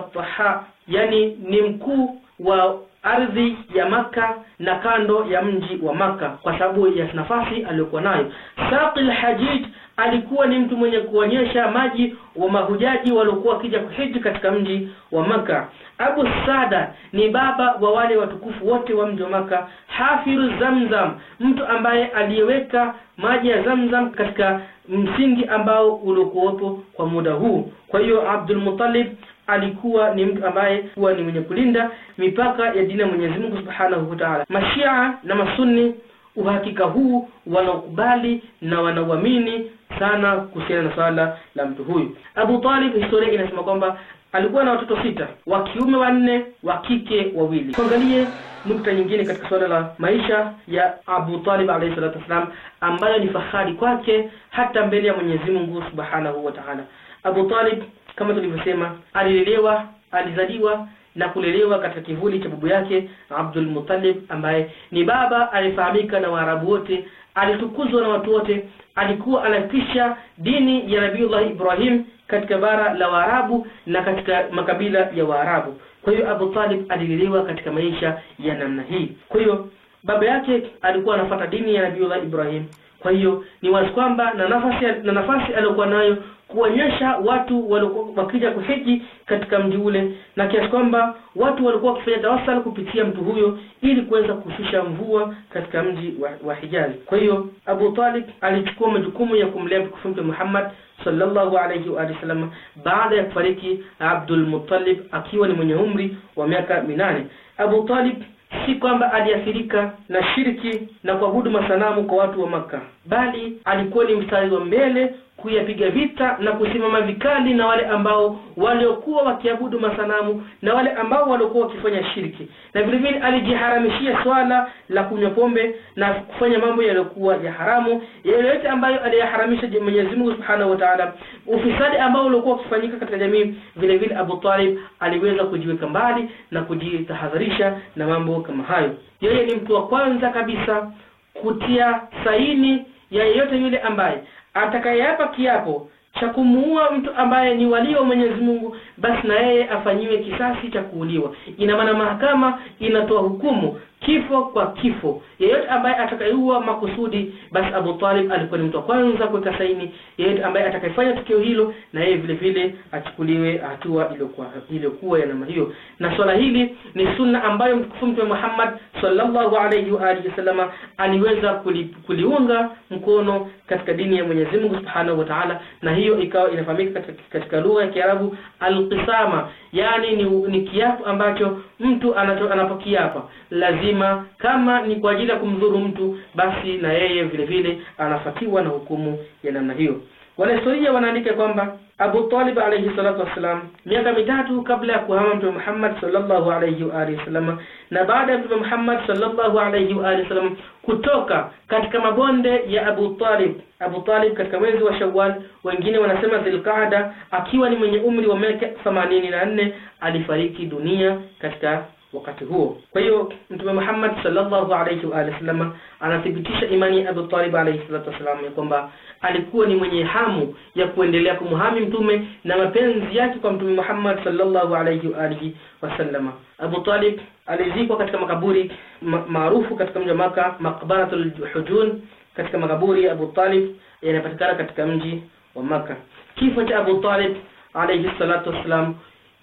yani ni mkuu wa ardhi ya Maka na kando ya mji wa Maka kwa sababu ya nafasi aliyokuwa nayo. Saqil Hajij alikuwa ni mtu mwenye kuonyesha maji wa mahujaji waliokuwa wakija kuhiji katika mji wa Maka. Abu Sada ni baba wa wale watukufu wote wa mji wa Maka. hafiru Zamzam, mtu ambaye aliyeweka maji ya Zamzam katika msingi ambao uliokuwepo kwa muda huu. Kwa hiyo Abdul Muttalib alikuwa ni mtu ambaye huwa ni mwenye kulinda mipaka ya dini ya Mwenyezi Mungu Subhanahu wa Ta'ala. Mashia na Masunni uhakika huu wanaokubali na wanauamini sana kuhusiana na swala la mtu huyu. Abu Talib, historia inasema kwamba alikuwa na watoto sita, wa kiume wanne, wa kike wawili. Tuangalie nukta nyingine katika suala la maisha ya Abu Talib alayhi salatu wassalam, ambayo ni fahari kwake hata mbele ya Mwenyezi Mungu Subhanahu wa Ta'ala. Abu Talib kama tulivyosema, alilelewa, alizaliwa na kulelewa katika kivuli cha babu yake Abdul Muttalib, ambaye ni baba alifahamika na Waarabu wote, alitukuzwa na watu wote, alikuwa anatisha dini ya Nabiullah Ibrahim katika bara la Waarabu na katika makabila ya Waarabu. Kwa hiyo Abu Talib alilelewa katika maisha ya namna hii. Kwa hiyo baba yake alikuwa anafuata dini ya Nabiullah Ibrahim. Kwa hiyo ni wazi kwamba na nafasi na nafasi aliyokuwa nayo kuonyesha watu walikuwa wakija kuhiji katika mji ule, na kiasi kwamba watu walikuwa wakifanya tawasal kupitia mtu huyo ili kuweza kushusha mvua katika mji wa, wa Hijazi. Kwa hiyo Abu Talib alichukua majukumu ya kumlea mtukufu Mtume Muhammad sallallahu alayhi wa sallam baada ya kufariki Abdul Muttalib akiwa ni mwenye umri wa miaka minane. Abu Talib si kwamba aliathirika na shirki na kuabudu masanamu kwa watu wa Maka, bali alikuwa ni mstari wa mbele kuyapiga vita na kusimama vikali na wale ambao waliokuwa wakiabudu masanamu na wale ambao waliokuwa wakifanya shirki, na vile vile alijiharamishia swala la kunywa pombe na kufanya mambo yaliyokuwa ya haramu, yeyote ambayo aliyaharamisha Mwenyezi Mungu Subhanahu wa Ta'ala. Ufisadi ambao uliokuwa ukifanyika katika jamii, vile vile Abu Talib aliweza kujiweka mbali na kujitahadharisha na mambo kama hayo. Yeye ni mtu wa kwanza kabisa kutia saini ya yeyote yule ambaye atakayehapa kiapo cha kumuua mtu ambaye ni walio wa Mwenyezi Mungu basi na yeye afanyiwe kisasi cha kuuliwa. Ina maana mahakama inatoa hukumu kifo kwa kifo. Yeyote ambaye atakayeua makusudi, basi Abu Talib alikuwa ni mtu wa kwanza kuweka saini. Yeyote ambaye atakayefanya tukio hilo, na yeye vile vile achukuliwe hatua iliyokuwa iliyokuwa ya namna hiyo. Na swala hili ni sunna ambayo mtukufu Mtume Muhammad sallallahu alayhi wa alihi wasallama aliweza kuli, kuliunga mkono katika dini ya Mwenyezi Mungu subhanahu wa taala, na hiyo ikawa inafahamika katika, katika lugha ya Kiarabu al alqisama, yani ni, ni kiapo ambacho mtu anapokiapa lazima, kama ni kwa ajili ya kumdhuru mtu, basi na yeye vile vile anafatiwa na hukumu ya namna hiyo. Wanahistoria wanaandika kwamba Abu Talib alayhi salatu wassalam, miaka mitatu kabla ya kuhama Mtume Muhammad sallallahu alayhi wa alihi wasallam na baada ya Mtume Muhammad sallallahu alayhi wa alihi wasallam kutoka katika mabonde ya Abu Talib, Abu Talib katika mwezi wa Shawwal, wengine wanasema Dhulqaada, akiwa ni mwenye umri wa miaka 84 alifariki dunia katika wakati huo kwa hiyo mtume muhammad salllahu alaihi waali wasalama anathibitisha imani ya abu talib alayhi salatu wasallam ya kwamba alikuwa ni mwenye hamu ya kuendelea kumhami mtume na mapenzi yake kwa mtume muhammad sallallahu alayhi wa alihi wasallam. abu talib alizikwa katika makaburi maarufu katika mji wa maka Maqbaratul hujun katika makaburi ya abu talib yanapatikana katika mji wa maka kifo cha abu talib alayhi salatu wasallam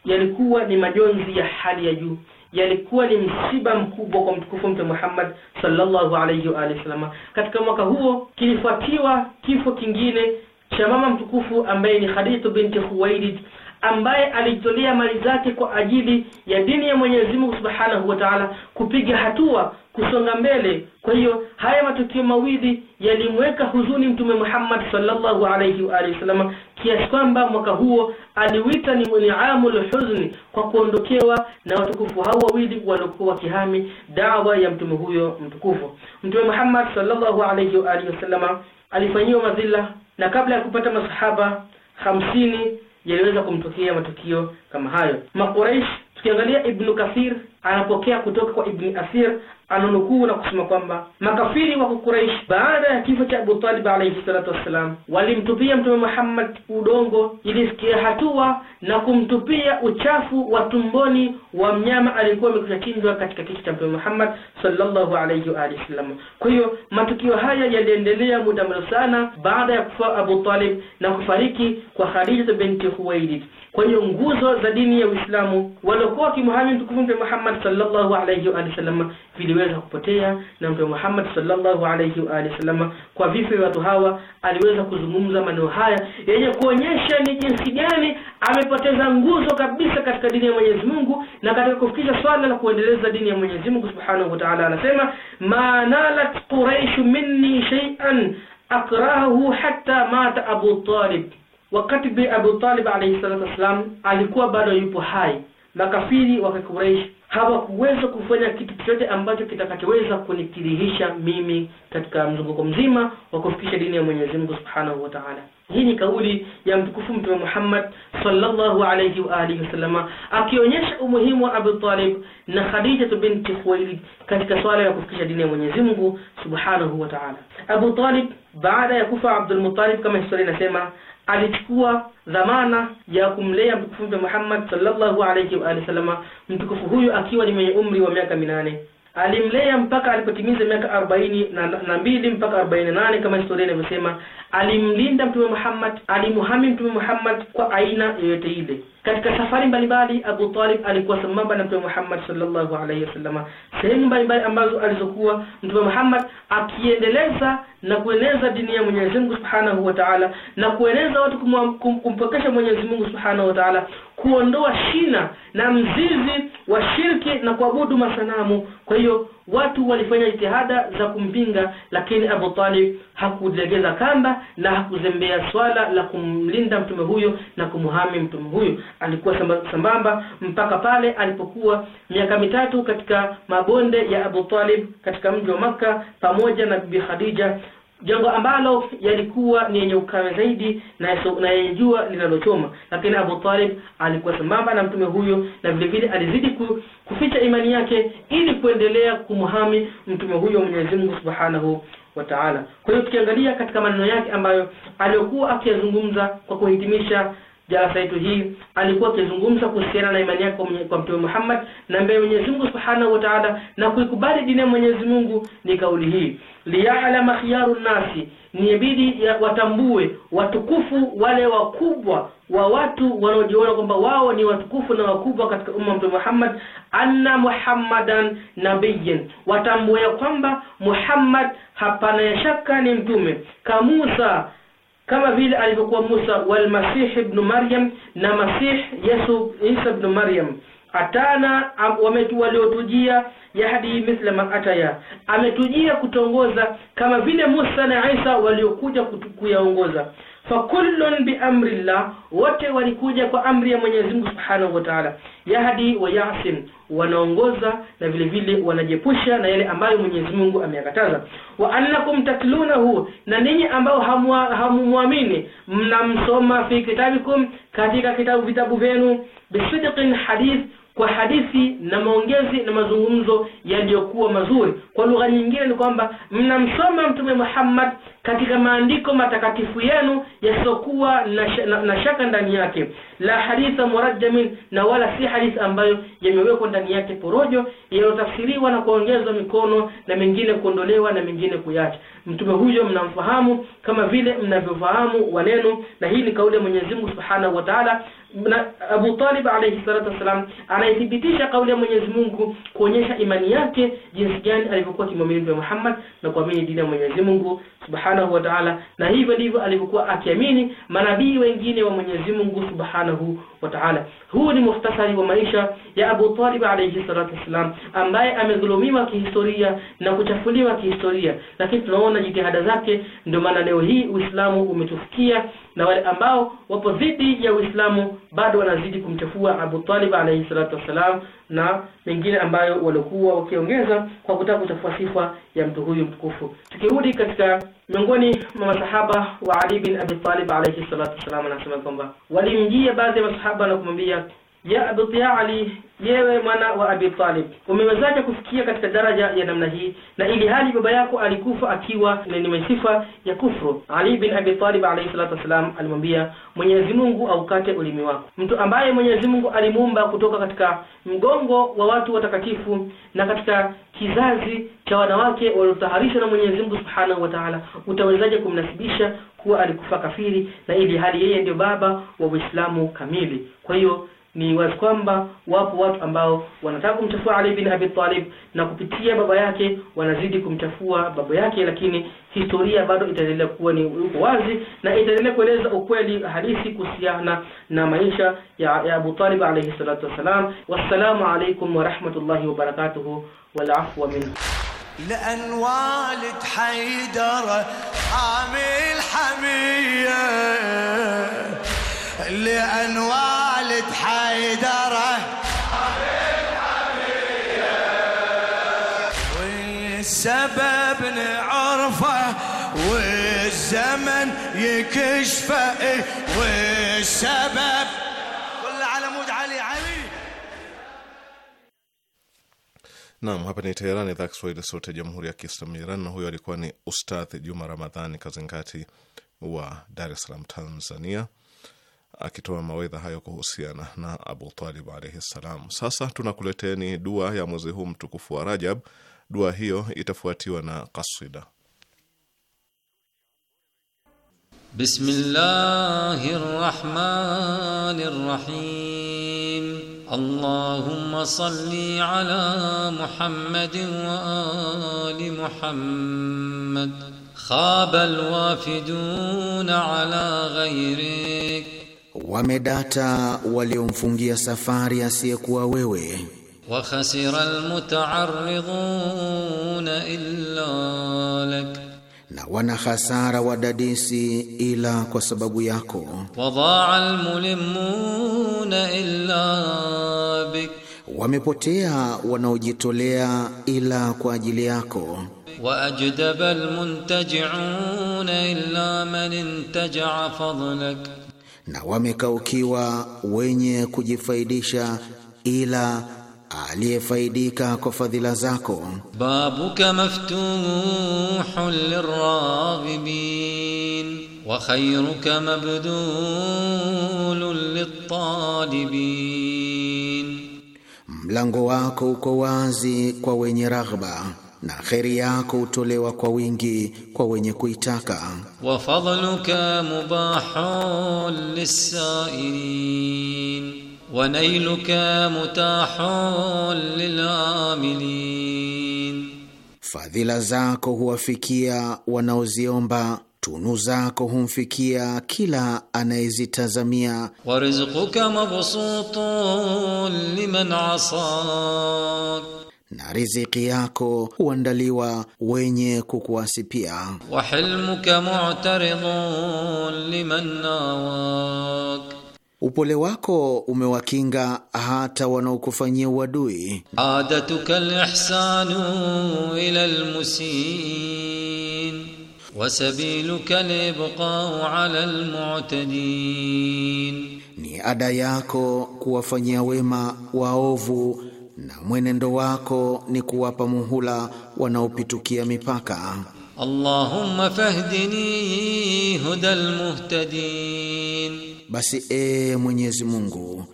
yalikuwa ni majonzi ya hali ya juu yalikuwa ni msiba mkubwa kwa mtukufu Mtume Muhammad sallallahu alayhi wa alihi wasallam. Katika mwaka huo kilifuatiwa kifo kingine cha mama mtukufu ambaye ni Khadija binti Khuwailid ambaye alitolea mali zake kwa ajili ya dini ya Mwenyezi Mungu Subhanahu wa Ta'ala, kupiga hatua kusonga mbele kwa hiyo haya matukio mawili yalimweka huzuni mtume Muhammad sallallahu alayhi wa alihi wasallam kiasi kwamba mwaka huo aliwita ni niamul huzni kwa kuondokewa na watukufu hao wawili waliokuwa wakihami dawa ya mtume huyo mtukufu mtume Muhammad sallallahu alayhi wa alihi wasallam alifanyiwa madhila na kabla ya kupata masahaba hamsini yaliweza kumtokea matukio kama hayo Makuraish tukiangalia Ibnu Kathir anapokea kutoka kwa Ibni asir ananukuu na kusema kwamba makafiri wa Quraysh baada ya kifo cha Abu Talib alayhi salatu wassalam, walimtupia Mtume Muhammad udongo ilisikia hatua na kumtupia uchafu wa tumboni wa mnyama aliyekuwa amekusha chinjwa katika kiti cha Mtume Muhammad sallallahu alayhi wa alihi wasallam. Kwa hiyo matukio haya yaliendelea muda mrefu sana baada ya kufa Abu Talib na kufariki kwa Khadija binti Khuwaylid. Kwa hiyo nguzo za dini ya Uislamu waliokuwa wakimuhami mtukufu Mtume Muhammad Muhammad sallallahu alayhi wa sallam viliweza kupotea na Mtume Muhammad sallallahu alayhi wa sallam kwa vipi watu hawa aliweza kuzungumza maneno haya yenye kuonyesha ni jinsi gani amepoteza nguzo kabisa katika dini ya Mwenyezi Mungu na katika kufikisha swala la kuendeleza dini ya Mwenyezi Mungu Subhanahu wa Ta'ala anasema ma nalat quraish minni shay'an akrahu hatta mata Abu Talib wakati bi Abu Talib alayhi salatu wasalam alikuwa bado yupo hai makafiri wa Quraysh hawakuweza kufanya kitu chochote ambacho kitakachoweza kunikirihisha mimi katika mzunguko mzima wa kufikisha dini ya Mwenyezi Mungu Subhanahu wa Ta'ala. Hii ni kauli ya mtukufu Mtume Muhammad sallallahu alayhi wa alihi wasallama akionyesha umuhimu wa Abu Talib na Khadija binti Khuwailid katika swala ya kufikisha dini ya Mwenyezi Mungu Subhanahu wa Ta'ala. Abu Talib baada ya kufa Abdul Muttalib, kama historia inasema, alichukua dhamana ya kumlea mtukufu Mtume Muhammad sallallahu alayhi wa alihi mtukufu huyu akiwa ni mwenye umri wa miaka minane alimlea mpaka alipotimiza miaka arobaini na mbili mpaka arobaini na nane kama historia inavyosema alimlinda Mtume Muhammad, alimuhami Mtume Muhammad kwa aina yoyote ile. Katika safari mbalimbali, Abu Talib alikuwa sambamba na Mtume Muhammad sallallahu alaihi wasallam sehemu mbalimbali ambazo alizokuwa Mtume Muhammad akiendeleza na kueneza dini ya Mwenyezi Mungu Subhanahu wa Ta'ala, na kueneza watu kumpokesha Mwenyezi Mungu Subhanahu wa Ta'ala, kuondoa shina na mzizi wa shirki na kuabudu masanamu. Kwa hiyo watu walifanya jitihada za kumpinga, lakini Abu Talib hakulegeza kamba na hakuzembea swala la kumlinda mtume huyo na kumhami mtume huyo alikuwa sambamba mpaka pale alipokuwa miaka mitatu katika mabonde ya Abu Talib katika mji wa Makka pamoja na Bibi Khadija jambo ambalo yalikuwa ni yenye ukame zaidi na yenye jua linalochoma lakini Abu Talib alikuwa sambamba na mtume huyo na vile vile alizidi ku, kuficha imani yake ili kuendelea kumhami mtume huyo Mwenyezi Mungu Subhanahu wa taala kwa hiyo tukiangalia katika maneno yake ambayo aliyokuwa akiyazungumza kwa kuhitimisha jalasa yetu hii alikuwa akizungumza kuhusiana na imani yake kwa mtume Muhammad na mbele Mwenyezi Mungu Subhanahu wa Ta'ala na kuikubali dini ya Mwenyezi Mungu ni kauli hii liya'lama khiyaru nasi niibidi ibidi watambue watukufu wale wakubwa wa watu wanaojiona kwamba wao ni watukufu na wakubwa katika umma wa Muhammad, anna Muhammadan nabiyyan, watambue ya kwamba Muhammad hapana ya shaka ni mtume ka Musa kama vile alivyokuwa Musa, wal Masih ibn Maryam, na Masih Yesu Isa ibn Maryam atana waliotujia yahdi mithla ma ataya ametujia kutongoza kama vile Musa na Isa waliokuja kuyaongoza fakullun biamrillah wote walikuja kwa amri ya Mwenyezi Mungu Subhanahu wa Ta'ala yahdi wa yasim wanaongoza na vile vile wanajepusha na yale ambayo Mwenyezi Mungu ameyakataza wa annakum tatlunahu na ninyi ambao hamumwamini mnamsoma fi kitabikum katika kitabu vitabu vyenu bisidqin hadith kwa hadithi na maongezi na mazungumzo yaliyokuwa mazuri. Kwa lugha nyingine ni kwamba mnamsoma Mtume Muhammad katika maandiko matakatifu yenu yasokuwa na, na, na shaka ndani yake la haditha murajamin na wala si hadith ambayo yamewekwa ndani yake porojo yanayotafsiriwa na kuongezwa mikono na mengine kuondolewa na mengine kuyacha mtume huyo mnamfahamu kama vile mnavyofahamu wanenu na hii ni kauli ya mwenyezi mungu subhanahu wa taala Abu Talib alayhi salatu wassalam anaithibitisha kauli ya Mwenyezi Mungu kuonyesha imani yake jinsi gani alivyokuwa kimwamini Mtume Muhammad na kuamini dini ya Mwenyezi Mungu subhanahu subhanahu wa ta'ala, na hivyo ndivyo alivyokuwa akiamini manabii wengine wa Mwenyezi Mungu subhanahu wa ta'ala. Huu ni muhtasari wa maisha ya Abu Talib alayhi salatu wassalam, ambaye amedhulumiwa kihistoria na kuchafuliwa kihistoria, lakini tunaona jitihada zake. Ndio maana leo hii Uislamu umetufikia na wale ambao wapo dhidi ya Uislamu bado wanazidi kumchafua Abu Talib alayhi salatu wassalam na mengine ambayo walikuwa wakiongeza kwa kutaka kuchafua sifa ya mtu huyu mtukufu. Tukirudi katika miongoni mwa masahaba wa Ali bin Abi Talib alayhi salatu wassalam, anasema kwamba walimjia baadhi ya masahaba na kumwambia ya bitia ali yewe mwana wa abi talib umewezaje kufikia katika daraja ya namna hii na ili hali baba yako alikufa akiwa ni sifa ya kufru ali bin abi talib alayhi salatu wasalam alimwambia mwenyezi mungu aukate ulimi wako mtu ambaye mwenyezi mungu alimuumba kutoka katika mgongo wa watu watakatifu na katika kizazi cha wanawake waliotaharishwa na mwenyezi mungu subhanahu wa taala utawezaje kumnasibisha kuwa alikufa kafiri na ili hali yeye ndio baba wa uislamu kamili kwa hiyo ni wazi kwamba wapo watu ambao wanataka kumchafua Ali bin Abi Talib na kupitia baba yake wanazidi kumchafua baba yake, lakini historia bado itaendelea kuwa ni uko wazi na itaendelea kueleza ukweli halisi kuhusiana na maisha ya, ya Abu Talib alayhi salatu wassalam. Wassalamu alaykum wa rahmatullahi wa barakatuhu wal afwa minhu lan walid حيدرة amil hamiya lan walid خالد حيدره والسبب نعرفه والزمن يكشفه والسبب كل على مود علي علي Naam, hapa ni Teherani, idhaa Kiswahili, sauti ya jamhuri ya kiislamu ya Iran. Na huyo alikuwa ni Ustadh Juma Ramadhani Kazingati wa Dar es Salaam, Tanzania. akitoa mawaidha hayo kuhusiana na Abu Talib alaihi ssalam. Sasa tunakuleteni dua ya mwezi huu mtukufu wa Rajab. Dua hiyo itafuatiwa na kasida. Bismillahir Rahmanir Rahim. Allahumma salli ala Muhammadin wa ali Muhammad khaba alwafidun ala ghayrik wamedata waliomfungia safari asiyekuwa wewe. wa khasira almuta'arriduna illa lak, na wana hasara wadadisi ila kwa sababu yako. wadaa almulimun illa bik, wamepotea wanaojitolea ila kwa ajili yako. wa ajdaba almuntaji'una illa man intaja fadlak na wamekaukiwa wenye kujifaidisha ila aliyefaidika kwa fadhila zako. babuka maftuhun liraghibin wa khayruka mabdulun litalibin, mlango wako uko wazi kwa wenye raghba na kheri yako hutolewa kwa wingi kwa wenye kuitaka. wa fadluka mubahun lisailin wa nailuka mutahun lilamilin, fadhila zako huwafikia wanaoziomba tunu zako humfikia kila anayezitazamia. wa rizquka mabsutun liman asak na riziki yako huandaliwa wenye kukuasi pia. mu'taridun liman nawak, upole wako umewakinga hata wanaokufanyia uadui. adatuka ila libqa'u ala ni ada yako kuwafanyia wema waovu na mwenendo wako ni kuwapa muhula wanaopitukia mipaka. Allahumma fahdini hudal muhtadin, basi e Mwenyezi Mungu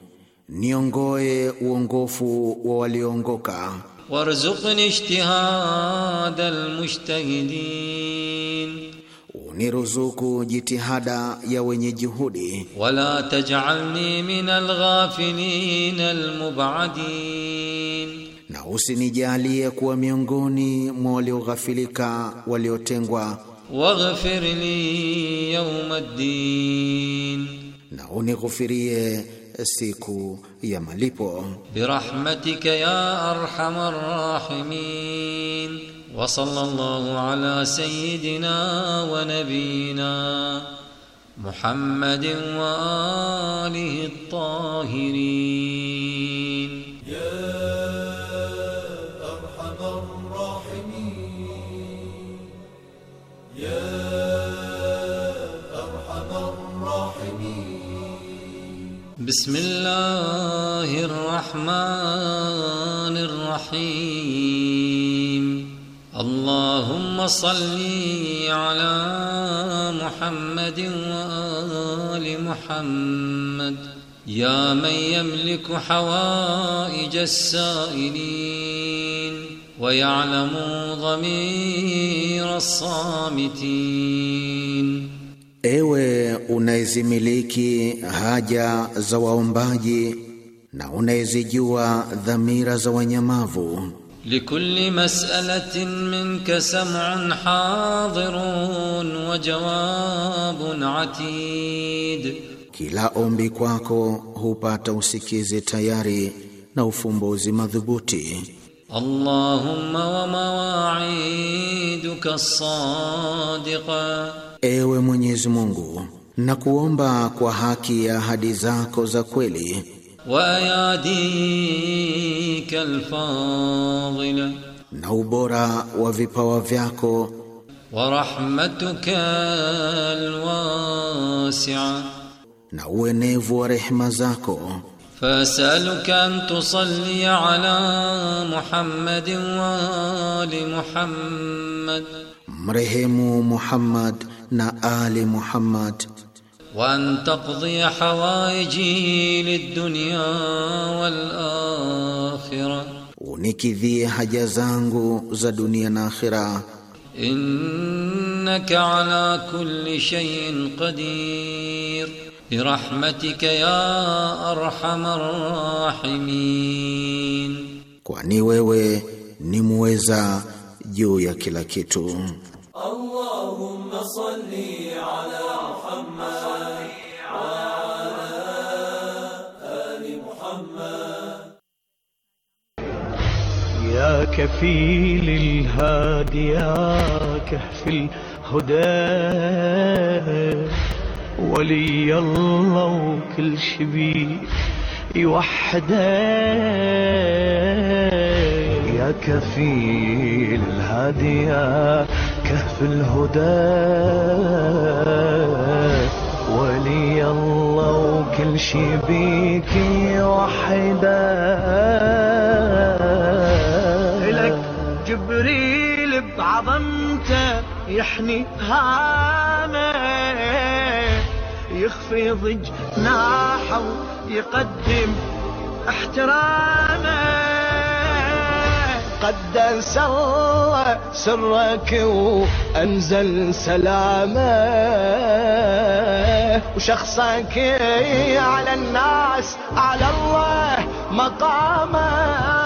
niongoe uongofu wa walioongoka. Warzuqni ijtihadal mujtahidin uniruzuku jitihada ya wenye juhudi. Wala taj'alni min alghafilin almub'adin, na usinijalie kuwa miongoni mwa walioghafilika waliotengwa. Waghfir li yawm ad-din, na unighufirie siku ya malipo. Birahmatika ya arhamar rahimin وصلى الله على سيدنا ونبينا محمد وآله الطاهرين يا أرحم الراحمين يا أرحم الراحمين بسم الله الرحمن الرحيم اللهم صل على محمد وآل محمد يا من يملك حوائج السائلين ويعلم ضمير الصامتين Ewe unayezimiliki haja za waombaji na unayezijua dhamira za wanyamavu لكل مسألة منك سمع حاضر وجواب عتيد kila ombi kwako hupata usikizi tayari na ufumbuzi madhubuti Allahumma wa mawaiduka sadiqa Ewe Mwenyezi Mungu nakuomba kwa haki ya ahadi zako za kweli وأياديك الفاضلة نوبرا وفيباوا ورحمتك الواسعة نوينيف ورحمة زاكو فأسألك أن تصلي على محمد وآل محمد مرهم محمد نآل محمد وأن تقضي حوائجي للدنيا والآخرة unikidhie haja zangu za dunia na akhira innaka ala kulli shay'in qadir birahmatika ya arhamar rahimin kwani wewe ni muweza juu ya kila kitu allahumma salli ala كفيل الهادي يا كهف الهدى ولي الله وكل شبيه يوحده يا كفيل الهادي يا كهف الهدى ولي الله وكل شي بيك وحده جبريل بعظمته يحني هامه ضج جناحه ويقدم احترامه قدس الله سرك وأنزل سلامه وشخصك على الناس على الله مقامه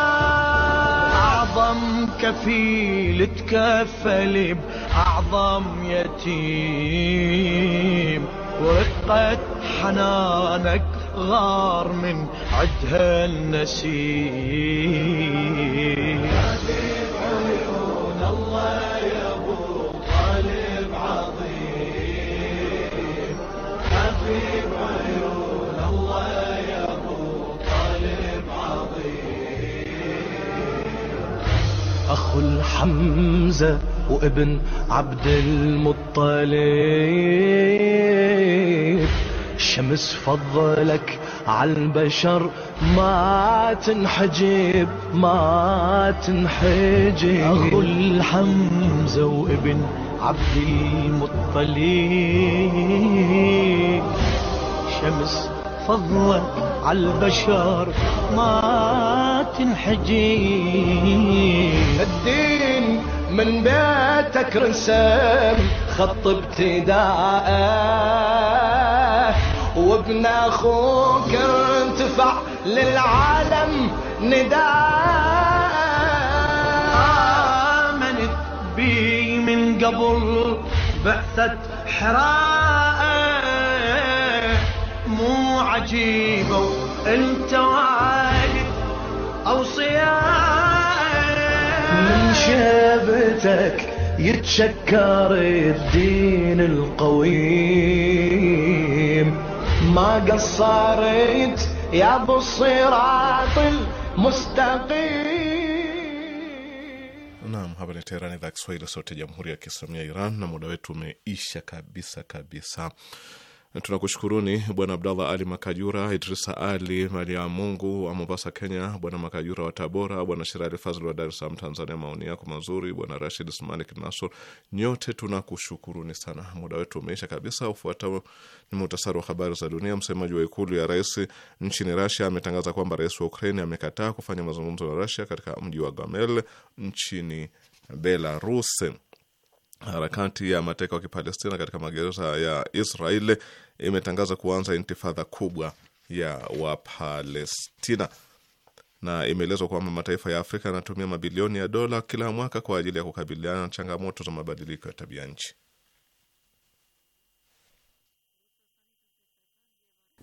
كفيل تكفل بأعظم يتيم ورقة حنانك غار من عدها النسيم حمزة وابن عبد المطلب شمس فضلك على البشر ما تنحجب ما تنحجب أخو الحمزة وابن عبد المطلب شمس فضلك على البشر ما تنحجي الدين من بيتك رسم خط ابتداء وابن اخوك ارتفع للعالم نداء آمنت بي من قبل بعثة حراء مو عجيبة وانت واحد الخيار من شيبتك يتشكر الدين القويم ما قصرت يا ابو الصراط المستقيم. Naam, hapa ni Teherani, idhaa Kiswahili, sauti ya jamhuri ya kiislamia ya Iran, na muda wetu umeisha kabisa kabisa. Tunakushukuruni Bwana Abdallah Ali Makajura, Idrisa Ali Malia Mungu wa Mombasa, Kenya, Bwana Makajura wa Tabora, Bwana Shirali Fazl wa Dar es Salaam, Tanzania, maoni yako mazuri, Bwana Rashid Smalik Nasor, nyote tunakushukuruni sana. Muda wetu umeisha kabisa. Ufuatao ni muhtasari wa habari za dunia. Msemaji wa ikulu ya rais nchini Rasia ametangaza kwamba rais wa Ukraini amekataa kufanya mazungumzo na Rasia katika mji wa Gomel nchini Belarus. Harakati ya mateka wa Kipalestina katika magereza ya Israeli imetangaza kuanza intifadha kubwa ya Wapalestina na imeelezwa kwamba mataifa ya Afrika yanatumia mabilioni ya dola kila mwaka kwa ajili ya kukabiliana na changamoto za mabadiliko ya tabia nchi.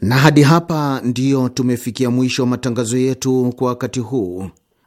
Na hadi hapa ndiyo tumefikia mwisho wa matangazo yetu kwa wakati huu.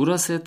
Burası